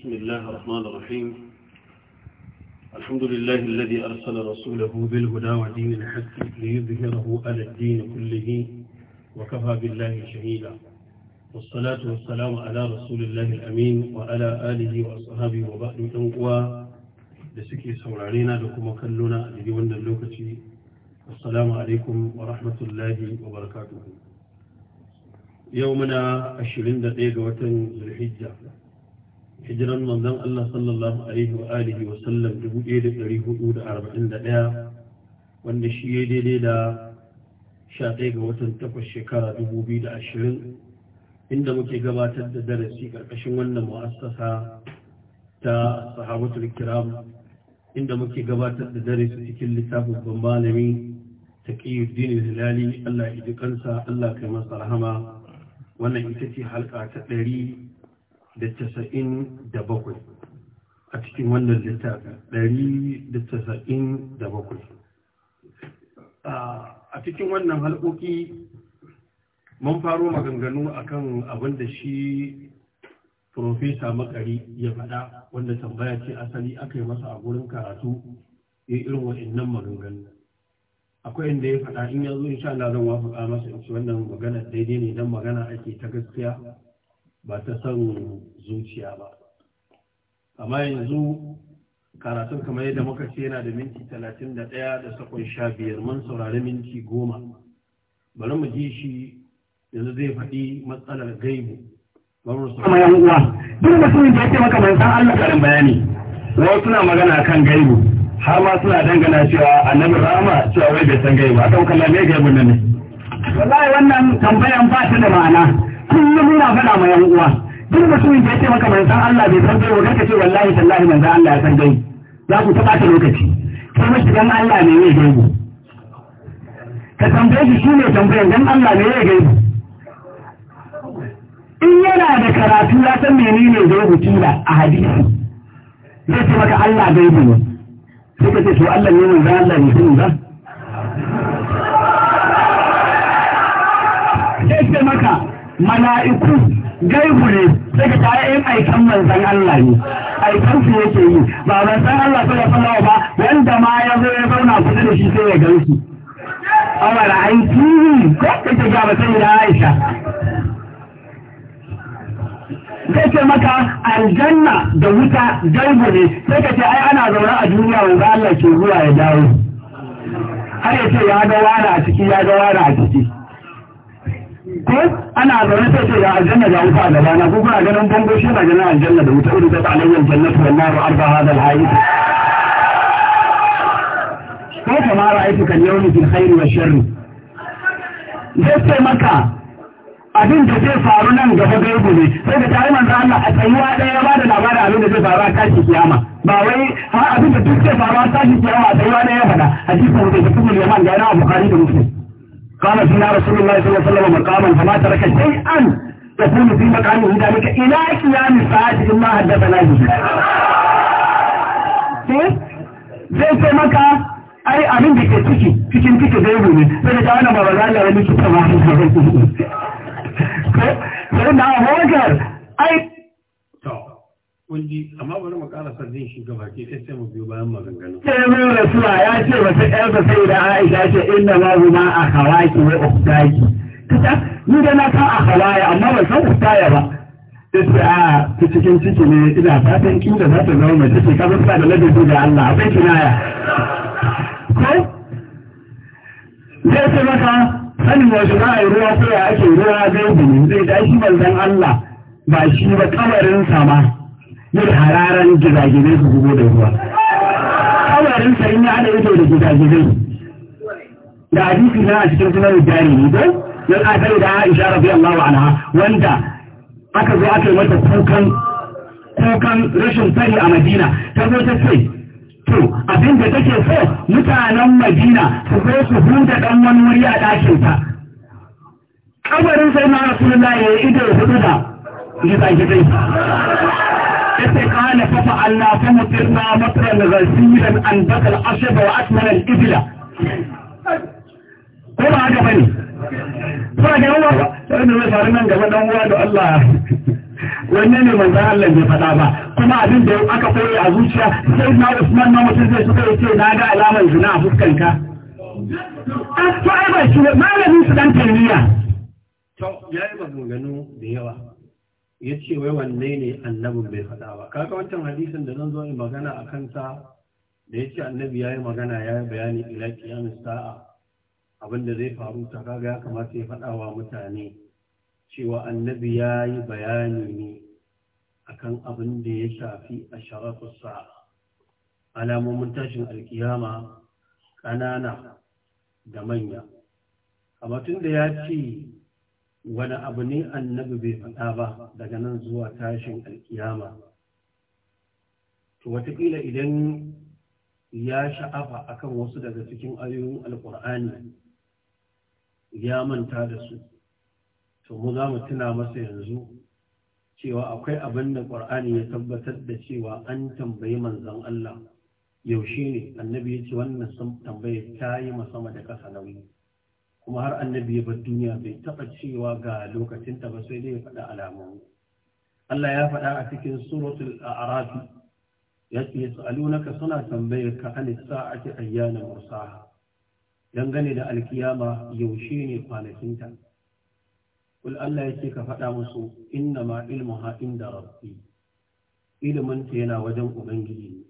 بسم الله الرحمن الرحيم الحمد لله الذي أرسل رسوله بالهدى ودين الحق ليظهره على الدين كله وكفى بالله شهيدا والصلاة والسلام على رسول الله الأمين وعلى آله وأصحابه وبعد أنقوى لسكي سورارينا لكم كلنا لديونا اللوكة السلام عليكم ورحمة الله وبركاته يومنا الشرين دقيقة وتن ذو الحجة hijiran manzon Allah sallallahu alaihi wa alihi wa sallam 1441 wanda shi ya daidai da 11 ga watan 8 shekara 2020 inda muke gabatar da darasi karkashin wannan mu'assasa ta sahabatul kiram inda muke gabatar da darasi cikin littafin babban malami taqiyuddin hilali Allah ya ji kansa Allah kai masa rahama wannan ita ce halka ta ɗari. da casa'in da bakwai a cikin wannan littafi ɗari da casa'in da bakwai a cikin wannan halƙoƙi mun faro maganganu akan abin da shi profesa makari ya faɗa wanda tambaya ce asali aka yi masa a gurin karatu ya irin waɗannan maganganu akwai inda ya faɗa in ya zo sha Allah zan wafaka masa in ci wannan magana daidai ne dan magana ake ta gaskiya ba ta son zuciya ba amma yanzu karatun kamar yadda muka ce yana da minti talatin da ɗaya da sakon sha biyar mun saurari minti goma bari mu ji shi yanzu zai faɗi matsalar gaibu bari mu saurari yan uwa duk mutumin da ya ce maka ban san Allah karin bayani wai suna magana kan gaibu har ma suna dangana cewa annabi rama cewa wai bai san gaibu akan kallon me gaibu nan ne wallahi wannan tambayan ba ta da ma'ana kullum muna faɗa ma yan uwa duk mutumin da ya ce maka san Allah bai san bai wa ce wallahi tallahi manzon Allah ya san gai. za ku ta ɓata lokaci kai mashi dan Allah ne ya gaibu ka tambaye shi shi ne tambayar dan Allah ne ya gaibu in yana da karatu ya san menene ku kila a hadisi zai ce maka Allah gaibu ne sai ka ce to Allah ne manzon Allah ne sun ba mala'iku gaibu ne daga tare yin aikan manzan Allah ne aikan su yake yi ba manzan Allah su ya sallawa ba wanda ma ya zo ya zauna kusa da shi sai ya gansu awara aiki ko ita ga ba sai da Aisha Zai ce maka aljanna da wuta gaibu ne sai ka ce ai ana zaune a duniya wanda Allah ke zuwa ya dawo har ya ce ya ga wara a ciki ya ga wara a ciki ko ana zaune sai ce ga aljanna ga wuta a gabana ko kuna ganin bango shi na ganin aljanna da wuta irin ta alayyar jannatu wannan ra'ar ba hadal hayi ko kama ra'aitu kan yawmi fil khairi wa sharri zai ce maka abin da zai faru nan gaba gaibu ne sai da tare manzo Allah a tsayuwa daya ba da labarin abin da zai faru a tashi kiyama ba wai har abin da duk zai faru a tashi kiyama a tsayuwa daya faɗa hadisin da ke cikin Yaman ga na Bukhari da Muslim قال فينا رسول الله صلى الله عليه وسلم مقاما فما ترك شيئا يكون في مكانه ذلك الى قيام الساعه ثم حدثنا به. zai sai maka ai abin da ke ciki cikin ciki zai yi ne sai da kawai na ba ba za a yi wani cikin ba a hankali sai da hankali ai Kungi amma bari mu ƙara sabbin shi ga baki ɗaya sai mu biyo bayan maganganu. sai mai rasuwa ya ce ba sai ɗan ƴarsa sai da aisha ce inda ma ma a hawaki wai uktaki ni da na san a hawaya amma ban san uktaya ba ta ce a ta cikin ciki ne ina fatan kin da za ta zama mace ce kamar sa da ladabi da Allah akwai kinaya ko zai ce maka sanin wasu za a yi ruwa ko ya ake ruwa zai ne zai da shi manzon Allah ba shi ba kamarin sama. na hararan gizagizai su zubo da ruwa kawarin sa ya ana ito da gizagizai da hadisi na a cikin sunan jari ne ko yan asali da Aisha wa anha wanda aka zo aka yi mata kukan kukan rashin sani a Madina ta zo ta ce to abin da take so mutanen Madina su zo su huda dan wani wuri a ɗakin ta kabarin sai na Rasulullahi ya ido hudu da gizagizai yace kana kafa Allah fa mutirna matran ghasilan an bakal ashab wa akmal al ibla ko ba haka bane Ba ga uwa sai da zai nan gaba dan uwa da Allah wanne ne manzan Allah bai faɗa ba kuma abin da aka koyi a zuciya sai na Usman ma mutum zai suka yace na ga alamar zina a fuskanka a to ai ba shi malamin su dan tarbiyya to yayi maganganu da yawa ya ce wai wanne ne annabin bai faɗa ba kaga wancan hadisin da zan zo in magana a kansa da ya ce annabi ya yi magana ya yi bayani ila kiyamin sa'a abin da zai faru ta kaga ya kamata ya faɗa wa mutane cewa annabi ya yi bayani ne akan abin da ya shafi a sharafin sa'a alamomin tashin alkiyama ƙanana da manya amma tun da ya ce wani abu ne annabi bai faɗa ba daga nan zuwa tashin alkiyama to watakila idan ya sha'afa akan wasu daga cikin ayoyin alkur'ani ya manta da su to mu za mu tuna masa yanzu cewa akwai abin da ƙur'ani ya tabbatar da cewa an tambayi manzon Allah yaushe ne annabi ya ce wannan tambayar ta yi sama da ƙasa nauyi kuma har annabi ya bar duniya bai taɓa cewa ga lokacinta ba sai dai ya faɗa alamomi Allah ya faɗa a cikin suratul a'raf ya ce yas'alunaka suna tambayar ka an sa'ati ayyana mursaha dangane da alkiyama yaushe ne kwanakinta kul Allah ya ce ka faɗa musu inna ma ilmuha inda rabbi ilimin ta yana wajen ubangiji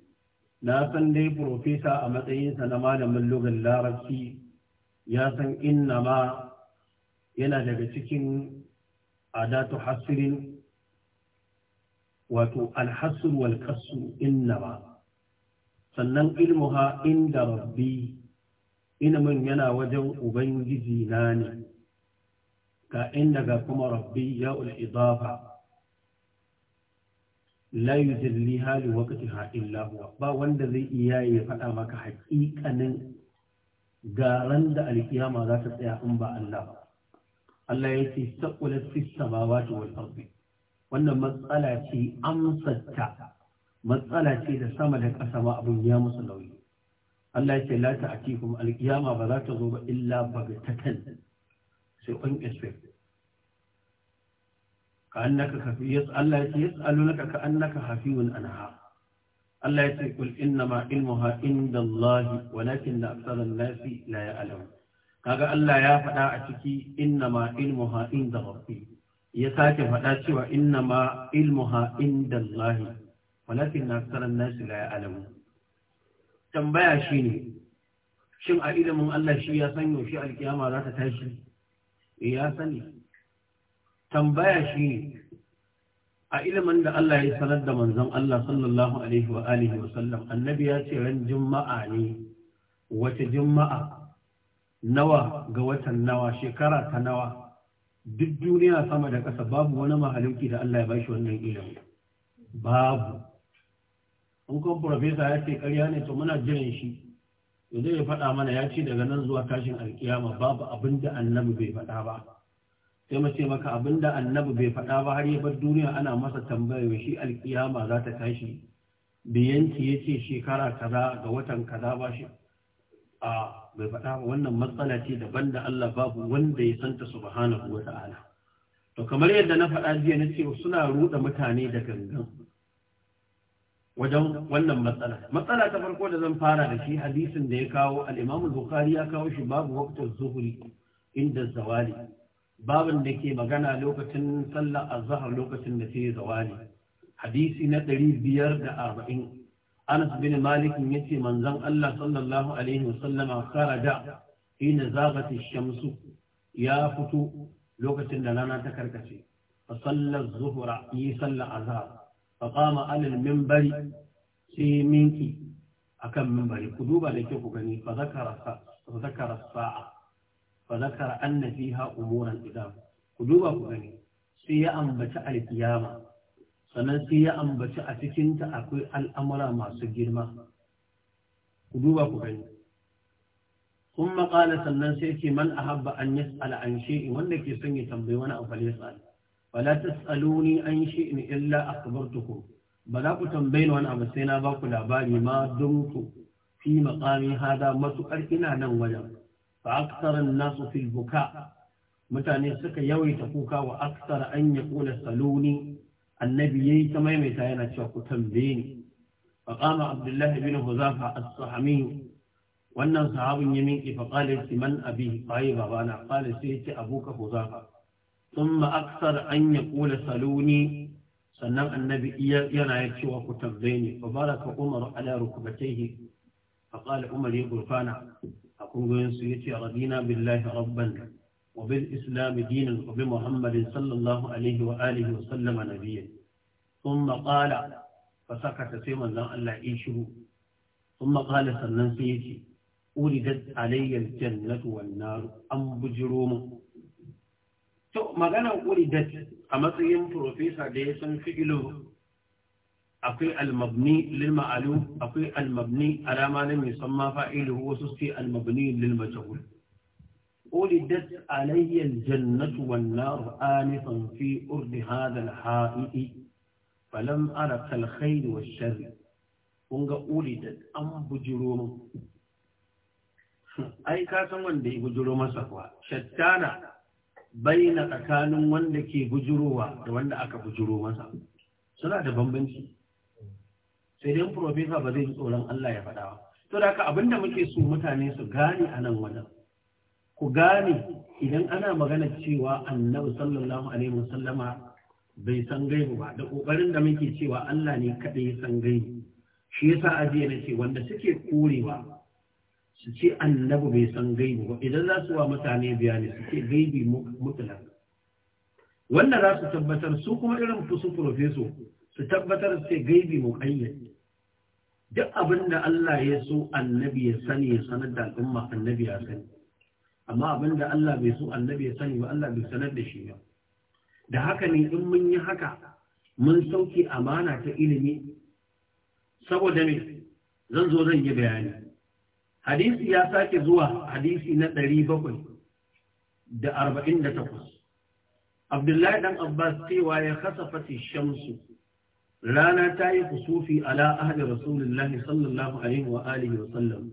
na san dai profesa a matsayinsa na malamin lugan larabci ya san inna ma yana daga cikin adatu hasirin wato alhassur wal inna ma sannan ilmuha inda rabbi ilimin yana wajen ubangiji na ne ka inda ga kuma rabbi ya ul'idafa la yuzilliha li waqtiha illa huwa ba wanda zai iya ya faɗa maka haƙiƙanin ga ran da alkiyama za ta tsaya in ba Allah ba Allah ya ce saqulat fis samawati wal ardi wannan matsala ce amsatta matsala ce da sama da ƙasa ma abun ya musu nauyi Allah ya ce la ta'tikum alkiyama ba za ta zo ba illa bagtatan sai on expect ka annaka kafi yas Allah ya ce yasalunaka ka annaka hafiyun anha Allah ya ce kul innama ilmuha indallahi walakin aktharan nasi la ya ya'lamun kaga Allah ya faɗa a ciki innama ilmuha inda rabbi ya sake faɗa cewa innama ilmuha indallahi walakin aktharan nasi la ya ya'lamun tambaya shi ne. shin a ilimin Allah shi ya san yaushe alkiyama za ta tashi eh, ya sani tambaya shi ne. a ilimin da Allah ya sanar da manzon Allah sallallahu alaihi wa alihi wa sallam annabi ya ce ran juma'a ne wata juma'a nawa ga watan nawa shekara ta nawa duk duniya sama da ƙasa babu wani mahaluki da Allah ya ba shi wannan ilimi babu in kuma profesa ya ce ƙarya ne to muna jiran shi yanzu ya faɗa mana ya ce daga nan zuwa tashin alkiyama babu abin da annabi bai faɗa ba sai mace ce maka abinda annabi bai faɗa ba har ya bar duniya ana masa tambaya wa shi alkiyama za ta tashi biyanci ya ce shekara kaza ga watan kaza ba shi a bai faɗa ba wannan matsala ce daban da Allah babu wanda ya santa subhanahu wa ta'ala to kamar yadda na faɗa jiya na ce suna ruɗa mutane da gangan wajen wannan matsala matsala ta farko da zan fara da shi hadisin da ya kawo al-Imam Bukhari ya kawo shi babu waqtul zuhri inda zawali babin da ke magana lokacin sallar zahar lokacin da sai zawali hadisi na ɗari biyar da arba'in Anas bin Malik ce manzon Allah sallallahu alaihi wasallama kharaja hina zaghat ash-shamsu ya fito lokacin da rana ta karkace fa sallar zuhra yi sallar azhar fa qama ala al-minbari sai minki akan minbari ku duba da ke ku gani fa fa zakara sa'a fa zakara anna fiha umuran idam ku duba ku gani sai ya ambaci alkiyama sannan sai ya ambaci a cikinta akwai al'amura masu girma ku duba ku gani kun maƙala sannan sai ke man a habba an yi an shi'i wanda ke son ya tambayi wani abu ne tsal wala ta tsaluni an in illa a kabartuku ba za ku tambayi wani abu sai na ba ku labari ma don ku fi maƙami hada matuƙar ina nan wajen fa aksara nasu fil mutane suka yawaita kuka wa aksar an yaqula saluni annabi yayi ta maimaita yana cewa ku tambaye ni abdullahi bin huzafa as-sahmi wannan sahabin ya minki fa qala man abi qayi babana qala sai ce abuka huzafa thumma aksara an yaqula saluni sannan annabi yana ya cewa ku tambaye ni fa baraka umar ala rukbatayhi fa umar ya gurfana akwai ya ce a radina billahi rabban wa bil islam dinin wa bi muhammadin sallallahu alaihi wa wa sallama nabiyyin sun maƙala fa saka ta sai manzon Allah ya shiru sun maƙala sannan sai ya ce uridat alayya aljannatu wan nar an bujiro mu to magana uridat a matsayin professor da ya san fi'ilu أقي المبني للمعلوم أقي المبني على ما لم يسمى هو وسستي المبني للمجهول ولدت علي الجنة والنار آنفا في أرض هذا الحائط فلم أرق الخير والشر ونقى ولدت أم بجروم أي كاسا وندي بجروم سفوا شتانا بين أكان وندكي بجروها وندأك بجروم سفوا سنة بمبنشي sai dai profesa ba zai yi tsoron Allah ya faɗa ba to da ka abinda muke so mutane su gane a nan wajen ku gane idan ana magana cewa annabi sallallahu alaihi wasallama bai san gaibu ba da kokarin da muke cewa Allah ne kaɗai ya san gaibu shi yasa ajiye na ce wanda suke korewa su ce annabi bai san gaibu ba idan za su wa mutane bayani su ce gaibi mutlak wanda za su tabbatar su kuma irin fusu profeso su tabbatar sai gaibi muqayyad duk abin da Allah ya so annabi ya sani ya sanar da al'umma annabi ya sani amma abin da Allah bai so annabi ya sani ba Allah bai sanar da shi ba da haka ne in mun yi haka mun sauke amana ta ilimi saboda me zan zo zan yi bayani hadisi ya sake zuwa hadisi na ɗari bakwai da arba'in da takwas abdullahi dan abbas cewa ya kasafati shamsu rana ta yi kusufi ala ahli rasulullahi sallallahu alaihi wa alihi wa sallam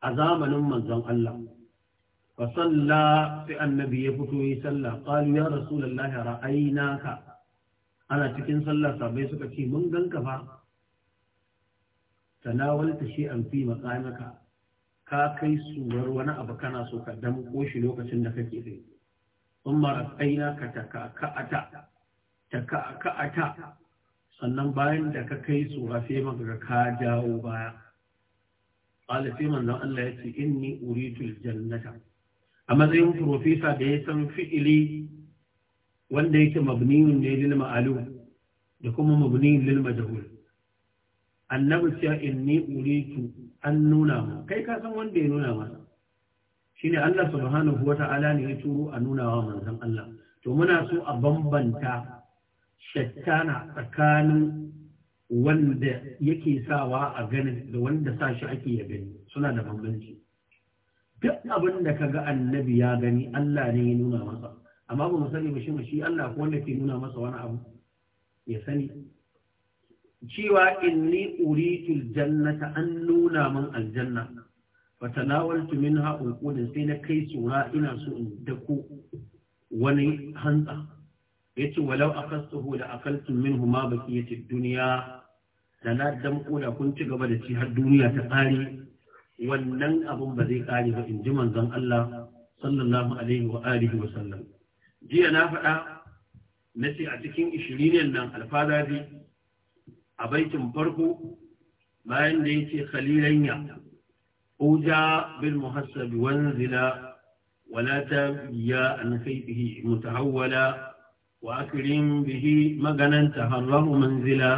a zamanin manzon Allah fa salla fi annabi ya fito yi sallah qalu ya rasulullahi ra'aynaka ana cikin sallah sabai suka ce mun ganka fa tanawalta shay'an fi maqamaka ka kai surar wani abu kana so ka damko shi lokacin da kake kai umma ra'aynaka taka'ata taka'ata sannan bayan da ka kai su hafe maka ka jawo baya ƙala sai manzon Allah ya ce inni uritul jannata a matsayin profesa da ya san fi'ili wanda yake mabniyun ne lil ma'alu da kuma mabniyun lil majhul annabi cewa inni uritu an nuna ma kai ka san wanda ya nuna ma shine Allah subhanahu wata'ala ne ya turo a nuna wa manzon Allah to muna so a bambanta shattana tsakanin wanda yake sawa a ganin da wanda sa shi ake ya gani suna da bambanci duk abin da ka ga annabi ya gani Allah ne ya nuna masa amma ba mu sani ba shi shi Allah ko wanda ke nuna masa wani abu ya sani cewa inni uritu jannata an nuna min aljanna fa tanawaltu minha ulqudin sai na kai sura ina so in dako wani hantsa yace walau akastuhu la akaltum minhu ma yace dunya da na damko kun ci gaba da ci har duniya ta kare wannan abun ba zai kare ba in ji manzon Allah sallallahu alaihi wa alihi wa sallam jiya na faɗa na ce a cikin ishirinin nan alfadabi a baitin farko bayan da yace khalilanya uja bil muhassabi wanzila wala ta biya mu ta hauwala. وأكرم به مغنا تهره منزلا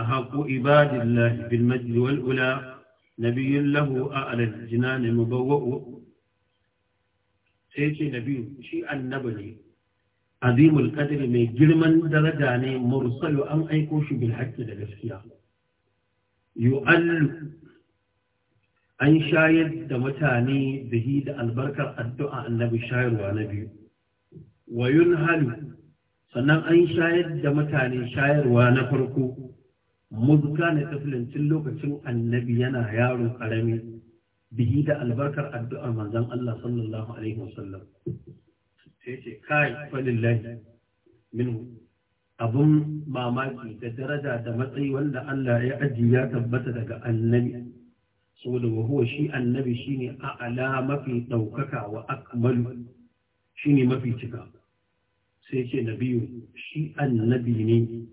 أحق عباد الله بالمجد والأولى نبي له أعلى الجنان مبوء سيتي نبي شيء النبي عظيم القدر من جرما درجاني مرسل أم أيكوش بالحق للفكية يؤل an شايد دمتاني بهيد البركة الدعاء النبي شاير ونبي وينهل sannan an shayar da mutane shayarwa na farko muzka na tafilancin lokacin annabi yana yaro karami bihi da albarkar addu'ar manzon Allah sallallahu alaihi wasallam sai ce kai falillahi abun mamaki da daraja da matsayi wanda Allah ya ajiye ya tabbata daga annabi saboda wa huwa shi annabi shine a'ala mafi ɗaukaka wa akmalu shine mafi cika sai yake nabiyu shi annabi ne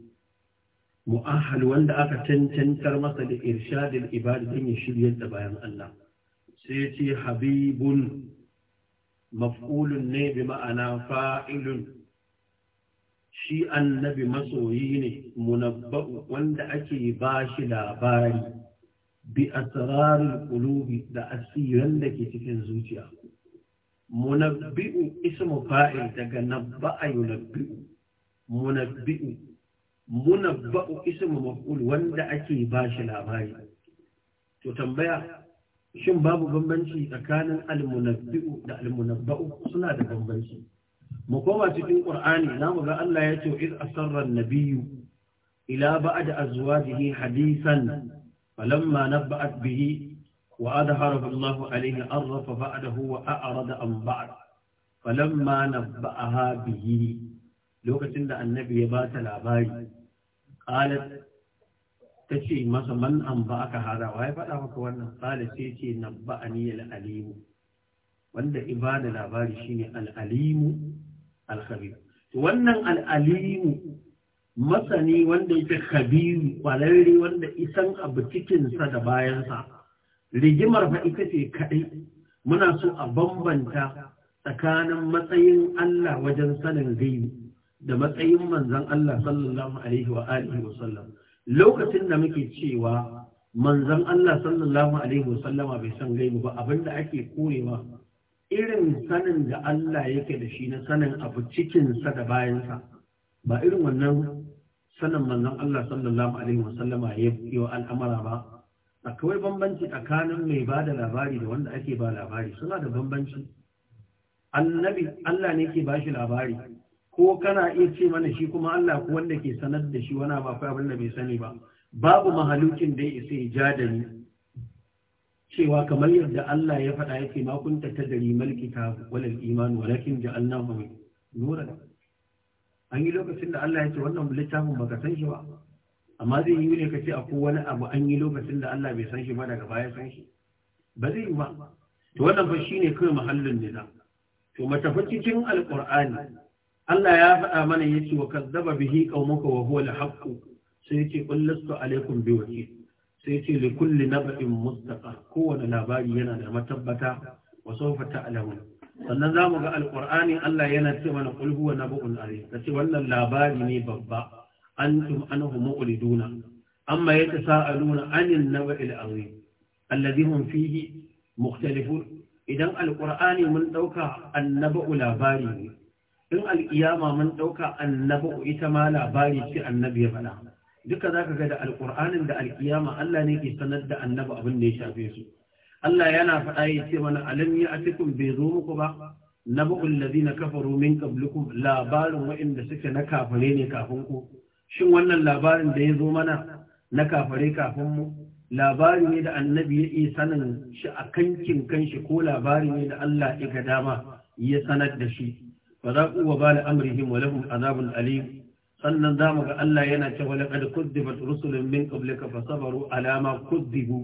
mu'ahal wanda aka cancantar masa da irshadin ibada don ya shiryar da bayan Allah sai ce habibun maf'ulun ne bi ma'ana fa'ilun shi annabi masoyi ne munabba'u wanda ake ba shi labari bi asrarin qulubi da asiran da ke cikin zuciya Munabbi'u ismu فاعل daga نبأ ينبئ منبئ منبأ اسم wanda ake ba shi labari to tambaya shin babu bambanci tsakanin almunabbi'u da almunabba'u suna da bambanci mu koma cikin qur'ani zamu ga Allah ya ce iz asarra an-nabiyyu ila da azwajihi hadisan falamma nabba'at bihi وأظهره الله عليه أرف بعده وأعرض عن بعد فلما نبأها به لو كتند النبي بات العباري قالت تشي مثلا من أنبأك هذا وهي فلا وكوانا قال سيتي نبأني العليم wanda ibada labari shine al'alimu al-khabir wannan al'alimu masani wanda yake khabiru kwararre wanda isan abu cikinsa da bayansa rigimar fa ita ce kaɗai muna so a bambanta tsakanin matsayin Allah wajen sanin gaibi da matsayin manzan Allah sallallahu alaihi wa alihi wa sallam lokacin da muke cewa manzan Allah sallallahu alaihi wa sallama bai san gaibi ba abinda ake korewa irin sanin da Allah yake da shi na sanin abu cikinsa da bayansa ba irin wannan sanin manzan Allah sallallahu alaihi wa sallama ya yi wa al'amara ba akwai bambanci tsakanin mai ba da labari da wanda ake ba labari suna da bambanci annabi Allah ne ke ba shi labari ko kana iya ce mana shi kuma Allah ko wanda ke sanar da shi wani ba kai abin da bai sani ba babu mahalukin da ya isa ya ja da ni cewa kamar yadda Allah ya faɗa yake ma ta tadari mal ta walal iman walakin ja'alnahu nuran an yi lokacin da Allah ya ce wannan littafin baka san shi ba amma zai yi ne ce akwai wani abu an yi lokacin da Allah bai san shi ba daga baya san shi ba zai yi ba to wannan fa shine kai mahallin nida to matafi cikin alqur'ani Allah ya faɗa mana yace wa kazzaba bihi qaumuka wa huwa al sai yace qul lastu alaikum biwakil sai yace li kulli nab'in mustaqar kowane labari yana da matabbata wa sawfa ta'lamun sannan za mu ga alƙur'ani Allah yana ce mana ƙulhu wa nabu'un azim ta ce wannan labari ne babba antum anhu mu'riduna amma yatasaaluna anil naba'il azim alladhi hum fihi mukhtalifun idan alqur'ani mun dauka annaba'u labari ne in alqiyama mun dauka annaba'u ita ma labari ce annabi ya faɗa duka zaka ga da alqur'anin da alqiyama Allah ne ke sanar da annabi abin da ya shafe su Allah yana faɗa ya ce mana alam ya atikum bai zo muku ba naba'ul ladina kafaru min qablukum labarin wa'inda suke na kafare ne kafin ku shin wannan labarin da ya zo mana na kafare kafin mu labari ne da annabi ya iya sanin shi a kankin kanshi ko labari ne da Allah ya ga dama ya sanar da shi Ba za ku wa bala amrihim wa lahum azabun alim sannan za mu ga Allah yana cewa laqad kuzzibat rusulun min qablika fasabaru ala ma kuzzibu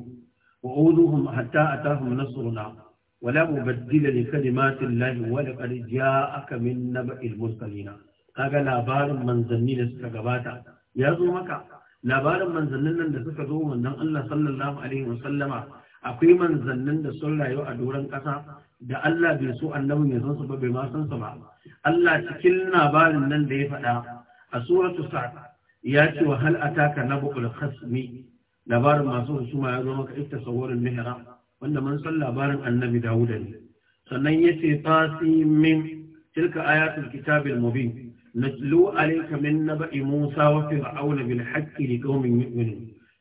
wa uduhum hatta atahum nasruna wa la mubaddila li kalimati llahi wa laqad ja'aka min naba'il mursalin kaga labarin manzanni da suka gabata ya zo maka labarin manzannin nan da suka zo manzon Allah sallallahu alaihi sallama, akwai manzannin da sun rayu a doron ƙasa da Allah bai so annabin ya san su ba bai ma san su ba Allah cikin labarin nan da ya faɗa a suratu sa'd ya ce wa hal ataka nabul khasmi labarin masu husuma ya zo maka iftasawurul mihra wanda mun san labarin annabi Dawuda ne sannan yace tasimin tilka ayatul kitabil mubin natlu alayka min naba'i musa wa fir'auna bil haqqi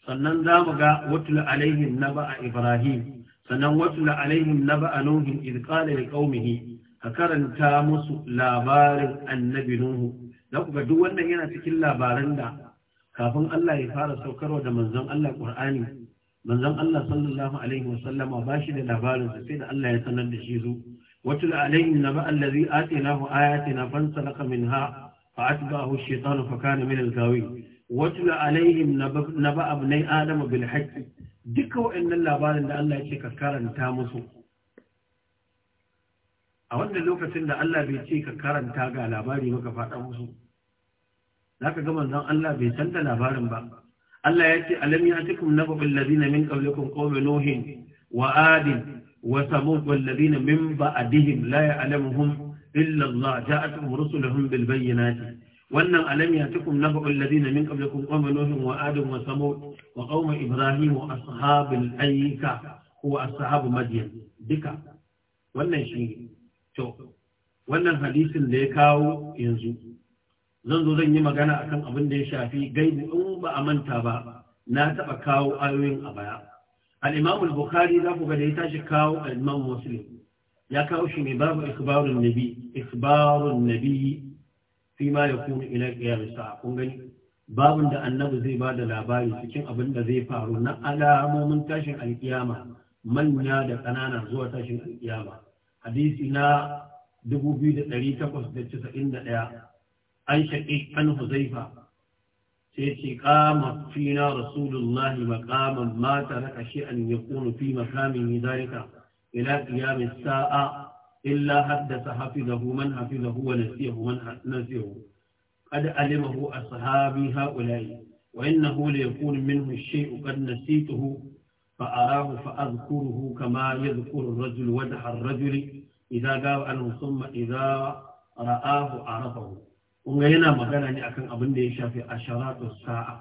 sannan za mu ga watul alaihim a ibrahim sannan watul alaihim a nuhin id da liqaumihi ka karanta musu labarin annabi nuhu za ku ga duk wannan yana cikin labaran da kafin Allah ya fara saukarwa da manzon Allah Qur'ani manzon Allah sallallahu alaihi wasallama ba shi da labarin sai da Allah ya sanar da shi zo? واتل عليه النبأ الذي آتيناه آياتنا فانسلخ منها فأتبعه الشيطان فكان من الغاوين واتل عليهم نبأ ابني آدم بالحق دكوا إن الله بارن الله يشيك كارنتا مسو a wannan lokacin da Allah bai ce ka karanta ga labari maka faɗa musu za ka ga manzon Allah bai san da labarin ba Allah ya ce alam ya tikum nabu alladhina min qablikum وثمود والذين من بعدهم لا يعلمهم إلا الله جاءتهم رسلهم بالبينات وأن ألم يأتكم نبأ الذين من قبلكم قوم نوح وآدم وثمود وقوم إبراهيم وأصحاب الأيكة وأصحاب مدين دكا وأن شيء to wannan hadisin da ya kawo yanzu zan zo zan yi magana akan abin da ya shafi gaibu in ba a manta ba na taɓa kawo ayoyin a baya al-imam bukhari za ku ga da ya tashi kawo al muslim ya kawo shi ne babu ikhbarun nabi ikhbarun nabi fi ma yakunu ila qiyam sa'a kun gani babun da annabi zai ba da labari cikin abin da zai faru na alamomin tashin alkiyama manya da ƙanana zuwa tashin alkiyama hadisi na 2891 an shaƙi an huzaifa سيتي قام فينا رسول الله مقاما ما ترك شيئا يكون في مقامه ذلك إلى قيام الساعة إلا حدث حفظه من حفظه ونسيه من نسيه قد علمه أصحابي هؤلاء وإنه ليكون منه الشيء قد نسيته فأراه فأذكره كما يذكر الرجل ودح الرجل إذا قال عنه ثم إذا رآه عرفه kuma yana magana ne akan abin da ya shafi asharatun sa'a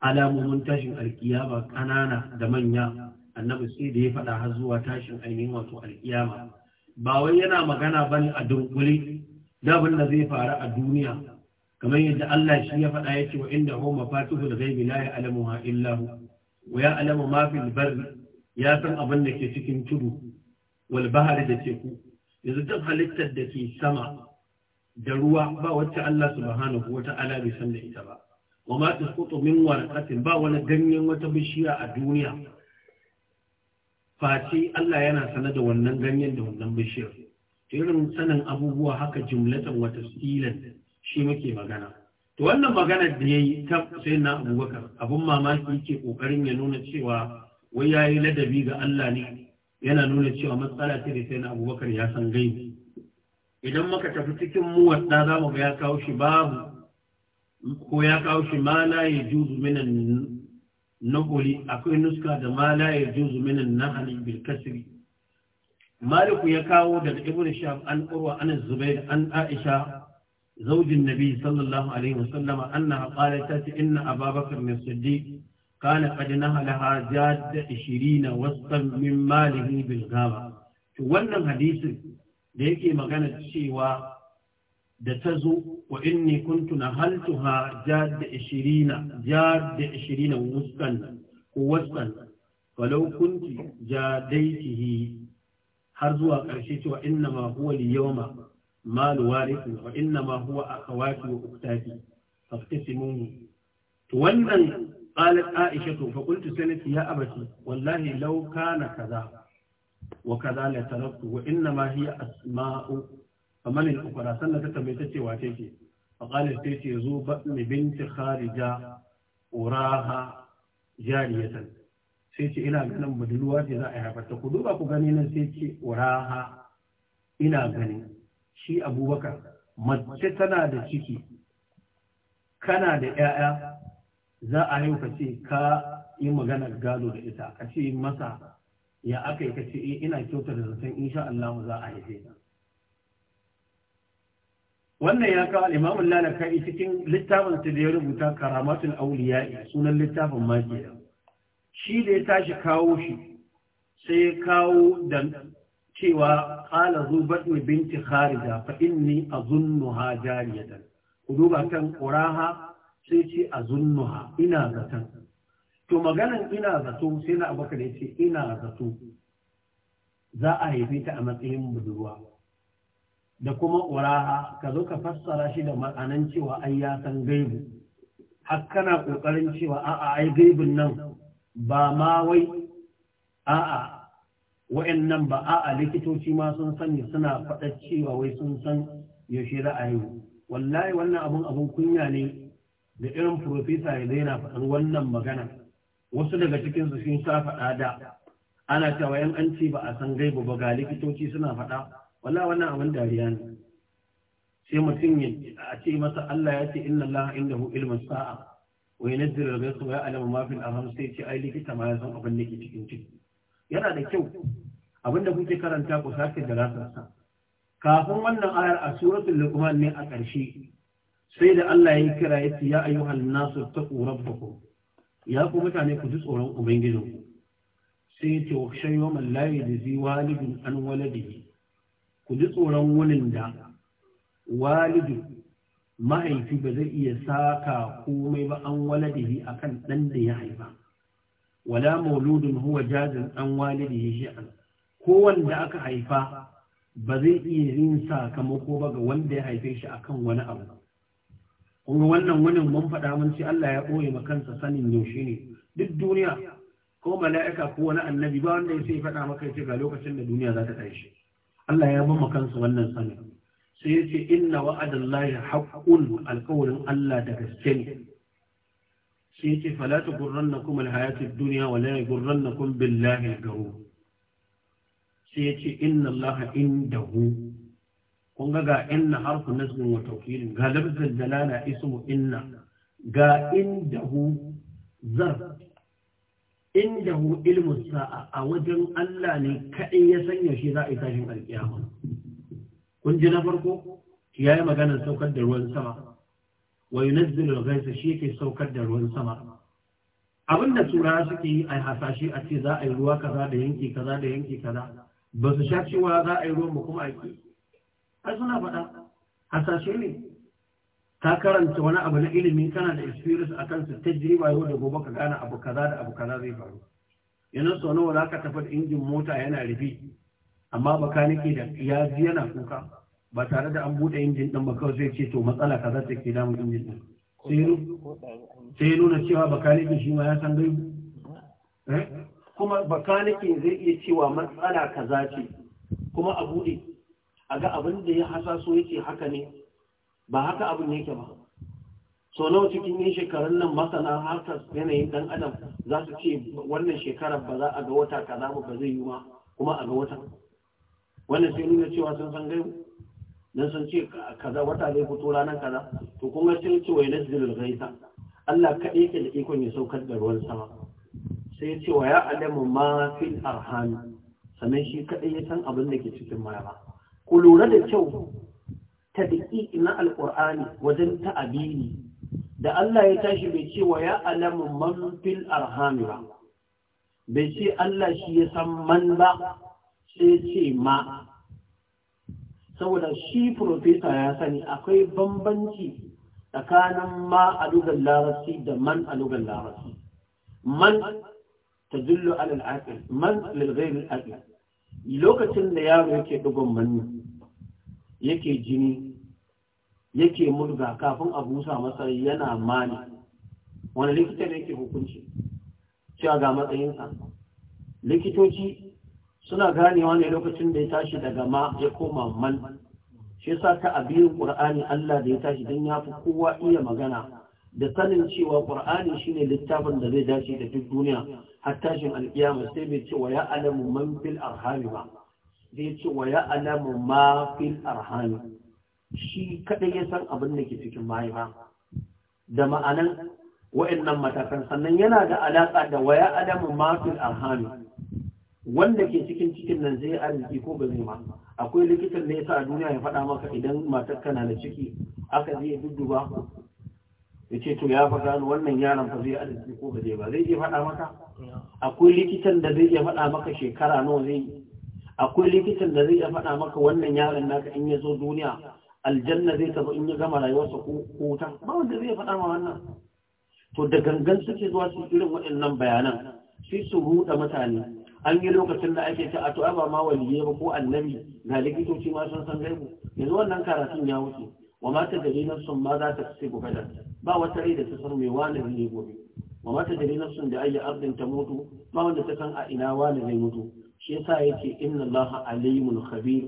alamomin tashin alkiyama ƙanana da manya annabi sai da ya faɗa har zuwa tashin ainihin wato alkiyama ba wai yana magana bane a dunkule da abin da zai faru a duniya kamar yadda Allah shi ya faɗa ya ce wa inda Homa mafatihul ya la ya'lamuha illa hu wa ya'lamu ma fil barri ya san abin da ke cikin tudu wal bahri da teku yanzu duk halittar da ke sama da ruwa ba wacce Allah subhanahu wa ta'ala bai san da ita ba wa ma tasqutu min warqatin ba wani ganyen wata bishiya a duniya Fati Allah yana sanar da wannan ganyen da wannan bishiyar irin sanin abubuwa haka jumlatan wa tafsilan shi muke magana to wannan maganar da yayi ta na Abubakar abun mamaki yake kokarin ya nuna cewa wai yayi ladabi ga Allah ne yana nuna cewa matsala ce da na Abubakar ya san gaibi idan muka tafi cikin muwadda za mu ga ya kawo shi babu ko ya kawo shi ma la ya juzu minan naquli akwai nuska da ma la ya juzu minan nahli bil kasri maliku ya kawo daga ibnu shaf an urwa an zubair an aisha zaujin nabi sallallahu alaihi wasallama annaha qalat ta inna ababakar min siddiq kana qad nahalaha jadda 20 wasqan min malihi bil ghaba to wannan hadisin da yake magana cewa da ta zo wa inni kuntu na haltuha jad da ishirina da ishirina wuskan ko waskan walau kunti jadaitihi har zuwa ƙarshe cewa inna ma huwa liyawma malu warithu wa inna ma huwa akhawati wa uktafi faqtasimuhu to wannan qalat aisha fa qultu sanati ya abati wallahi law kana kaza وكذلك تركت وإنما هي أسماء فمن الأخرى سنة تبيتت واتيتي فقال تيتي ذو بأم بنت خارجة وراها جارية سيتي إلى غنم بدلوات رائعة فتقلوبا كغنينا سيتي أراها إلى غني شي أبو بكر مجتنا دا شيكي كان دا إعيا ذا a yau ka ce ka yi maganar gado da ita a ce masa ya aka yi kace eh, ina kyauta da zaton insha Allah za a haife ta wannan ya kawo Imam Lalakai cikin littafin sa da ya rubuta Karamatul Awliya sunan littafin makiya shi da ya tashi kawo shi sai ya kawo da cewa qala zubatni binti kharija fa inni azunnuha jariyatan ku duba kan quraha sai ce azunnuha ina zaton to maganan ina zato sai na abakar ya ce ina zato za a haifi ta a matsayin budurwa da kuma ƙura'a ka zo ka fassara shi da ma'anan cewa ai ya san gaibu har kana ƙoƙarin cewa a'a ai gaibun nan ba ma wai a'a wa'annan ba a'a likitoci ma sun sani suna faɗa cewa wai sun san yaushe za a yi wallahi wannan abun abun kunya ne da irin profesa ya daina faɗan wannan magana wasu daga cikin su sun sa faɗa da ana cewa yan an ba a san gai ba ga likitoci suna faɗa wala wannan abin dariya ne sai mutum ya a ce masa Allah ya ce inna Allah indahu ilmin sa'a wa yunzilu al-ghaytha wa ya'lamu ma fil arham sai ce ai likita ma ya san abin da ke cikin ciki yana da kyau Abinda kuke karanta ku sake da rasarsa kafin wannan ayar a suratul luqman ne a ƙarshe sai da Allah ya kira ya ce ya ayyuhan nasu taqu rabbakum ya ku mutane ku ji tsoron ubangijinku sai ya ce wa wa layi da zai walidin an waladihi ku ji tsoron wunin da walidi? mahaifi ba zai iya saka komai ba an waladihi a kan ɗan da ya haifa wala mauludin huwa jajin an ya shi'an ko wanda aka haifa ba zai iya yin sakamako ba ga wanda ya haife shi akan wani abu kuma wannan wannan mun faɗa mun ce Allah ya ɓoye ma kansa sanin yaushe ne duk duniya ko mala'ika ko wani annabi ba wanda ya sai faɗa maka ya ce ga lokacin da duniya za ta tashi Allah ya bama kansa wannan sanin sai ya ce inna wa'adallahi haqqun alqawlin Allah da gaske ne sai ya ce fala tughrannakum alhayatid dunya wa la yughrannakum billahi al-ghurur sai ya ce inna Allah indahu kun ga inna harfu nasbin wa tawkilin ga lafzul dalala ismu inna ga indahu zar indahu ilmu sa'a a wajen Allah ne kaɗai ya sanya shi za a yi tashin alƙiyama kun ji na farko ya yi maganar saukar da ruwan sama wa yunazzilu al-ghaytha shi yake saukar da ruwan sama abin da tura suke yi a hasashe a ce za a yi ruwa kaza da yanki kaza da yanki kaza ba su sha cewa za a yi ruwan ba kuma a ai suna faɗa hasashe ne Ta karanta wani abu na ilimi kana da experience a kansa ta jiriba yau da gobe ka gane abu kaza da abu kaza zai faru yanzu sau nawa za ka tafi da injin mota yana rufi amma bakanike da ya ji yana kuka ba tare da an buɗe injin ɗin ba kawai zai ce to matsala kaza ta ke damun injin ɗin sai nuna cewa bakanike shi ma ya san gai. Eh? kuma bakanike zai iya cewa matsala kaza ce kuma a buɗe a ga abin da ya hasaso yake haka ne ba haka abin ne yake ba so nawa cikin yin shekarun nan masana harkar yanayin dan adam za su ce wannan shekarar ba za a ga wata kaza ba ba zai yi ma kuma a ga wata wannan sai nuna cewa sun san gaibu dan sun ce kaza wata zai fito ranar kaza to kuma sai ce wa zai ta. Allah kaɗai ke da ikon ya saukar da ruwan sama sai ce wa ya alamu ma fil arham sannan shi kaɗai ya san abin da ke cikin maraba ku lura da kyau ta daƙiƙi na alƙur'ani wajen ta'abini da Allah ya tashi bai ce wa ya alamu man fil arhami ba bai ce Allah shi ya san man ba sai ce ma saboda shi profesa ya sani akwai bambanci tsakanin ma a da man a man ta zullu alal man lil ghayr lokacin da yaro yake dugon manni yake jini yake mulga kafin a busa masa yana mani wani likita ne yake hukunci cewa ga matsayinsa likitoci suna ganewa ne lokacin da ya tashi daga ma ya koma man shi yasa ta abiyin qur'ani Allah da ya tashi dan ya fi kowa iya magana da sanin cewa qur'ani shine littafin da zai dace da duk duniya har tashin alkiyama sai bai ce wa ya alamu man fil arhami ba da ya ce wa ya alamu ma fil arhami shi kaɗai ya san abin da ke cikin mahaifa da ma'anan wa'annan matakan sannan yana da alaƙa da wa ya alamu ma fil arhami wanda ke cikin cikin nan zai arziki ko ba zai ma akwai likitan da ya sa duniya ya faɗa maka idan matar kana da ciki aka zai dudduba ya ce to ya faɗa wannan yaron fa zai arziki ko ba zai ba zai je faɗa maka akwai likitan da zai iya faɗa maka shekara nawa zai akwai likitan da zai iya faɗa maka wannan yaron naka in ya zo duniya aljanna zai taɓa in ya gama rayuwarsa ko huta ba wanda zai faɗa ma wannan to da gangan suke zuwa su irin waɗannan bayanan sai su ruɗa mutane an yi lokacin da ake ta a to ba ma waliye ba ko annabi ga likitoci ma sun san gaibu yanzu wannan karatun ya wuce wa mata gari sun ma za ta kasi gubadar ba wata rai da ta san mai wani ne gobe wa mata gari sun da ayyar ardin ta mutu ba wanda ta san a ina wani zai mutu shi yasa yake inna allaha alimul khabir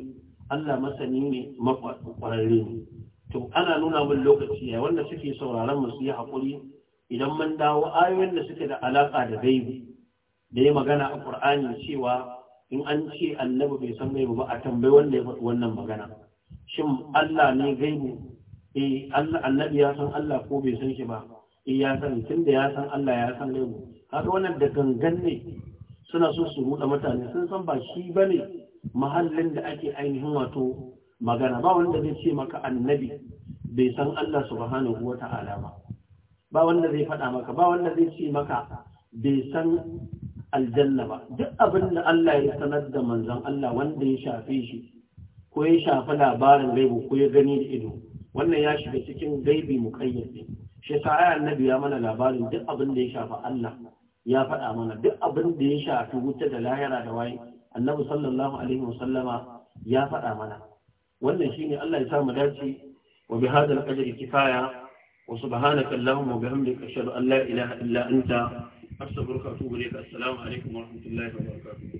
Allah masani ne makwararre ne to ana nuna min lokaci ya wanda suke sauraron mu su yi hakuri idan mun dawo ayoyin da suke da alaka da gaibi da ya magana a Qur'ani cewa in an ce annabi bai san gaibi ba a tambayi wanda ya faɗi wannan magana shin Allah ne gaibi eh Allah annabi ya san Allah ko bai san shi ba eh ya san tunda ya san Allah ya san gaibi haka wannan da gangan ne suna so su buɗe mutane sun san ba shi ba ne mahallin da ake ainihin wato magana ba wanda zai ce maka annabi bai san Allah subhanahu wa ta'ala ba ba wanda zai faɗa maka ba wanda zai ce maka bai san aljanna ba duk abin da Allah ya sanar da manzon Allah wanda ya shafe shi ko ya shafi labarin gaibu ko ya gani da ido wannan ya shiga cikin gaibi mu shi sa ayan annabi ya mana labarin duk abin da ya shafi Allah ya faɗa mana duk abin da ya shafi wuta da lahira da waye annabi sallallahu alaihi wasallama ya faɗa mana wannan shine Allah ya sa mu dace wa bi hadha al-qadri kifaya wa subhanaka allahumma wa bihamdika ashhadu an la ilaha illa anta astaghfiruka wa atubu ilayk assalamu alaikum wa rahmatullahi wa barakatuh